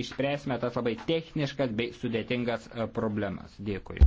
išspręsime tas labai techniškas bei sudėtingas e, problemas. Dėkui.